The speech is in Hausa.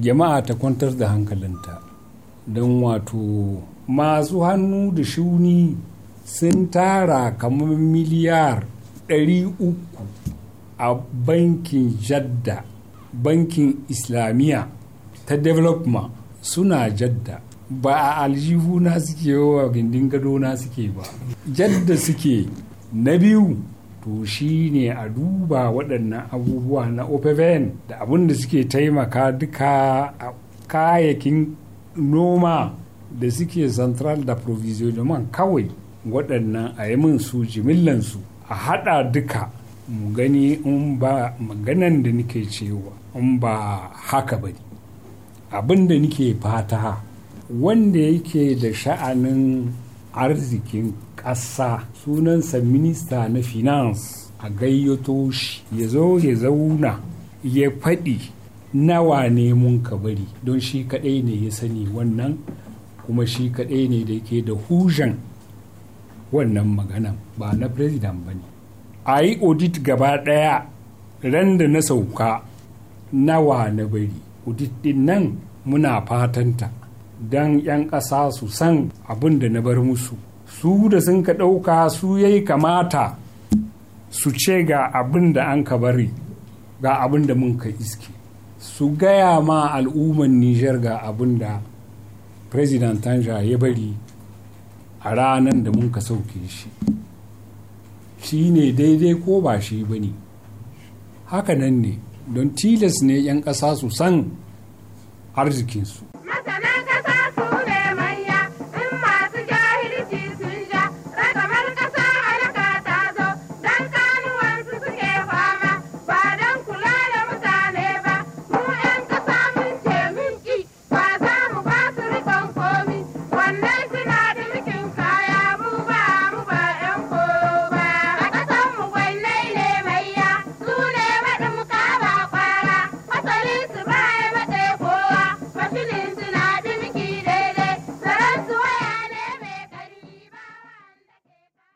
jama'a ta kwantar da hankalinta don wato masu hannu da shuni sun tara kamar miliyar 300 a bankin jadda bankin islamiyya ta development suna jadda ba a aljihu na suke wa gindin gado na suke ba jadda suke na biyu to shi ne a duba waɗannan abubuwa na opvn da abin da suke taimaka duka a kayakin noma da suke central da provisionement kawai waɗannan a yi min su jimillansu a haɗa duka mu gani in ba maganan da nake cewa in ba haka ba ne abin da nake fata wanda yake da sha'anin arzikin ƙasa sunansa minista na finance a gayyato shi ya zo ya zauna ya faɗi nawa ne mun ka bari don shi kaɗai ne ya sani wannan kuma shi kaɗai ne da ke da hujan wannan magana ba na president ba ne a yi audit gaba ɗaya ran da na sauka nawa na bari audit ɗin nan muna fatanta don 'yan ƙasa su san abin da na bar musu su da sun ka ɗauka su yayi kamata su ce ga abin da an ka bari ga abin da mun ka iske su gaya ma al'umman nijar ga abin da president tanja ya bari a ranar da mun ka sauke shi shi ne daidai ko ba shi ba ne haka nan ne don tilas ne 'yan ƙasa su san arzikinsu